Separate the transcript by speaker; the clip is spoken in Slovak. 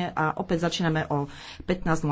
Speaker 1: a opäť začíname o 15.00.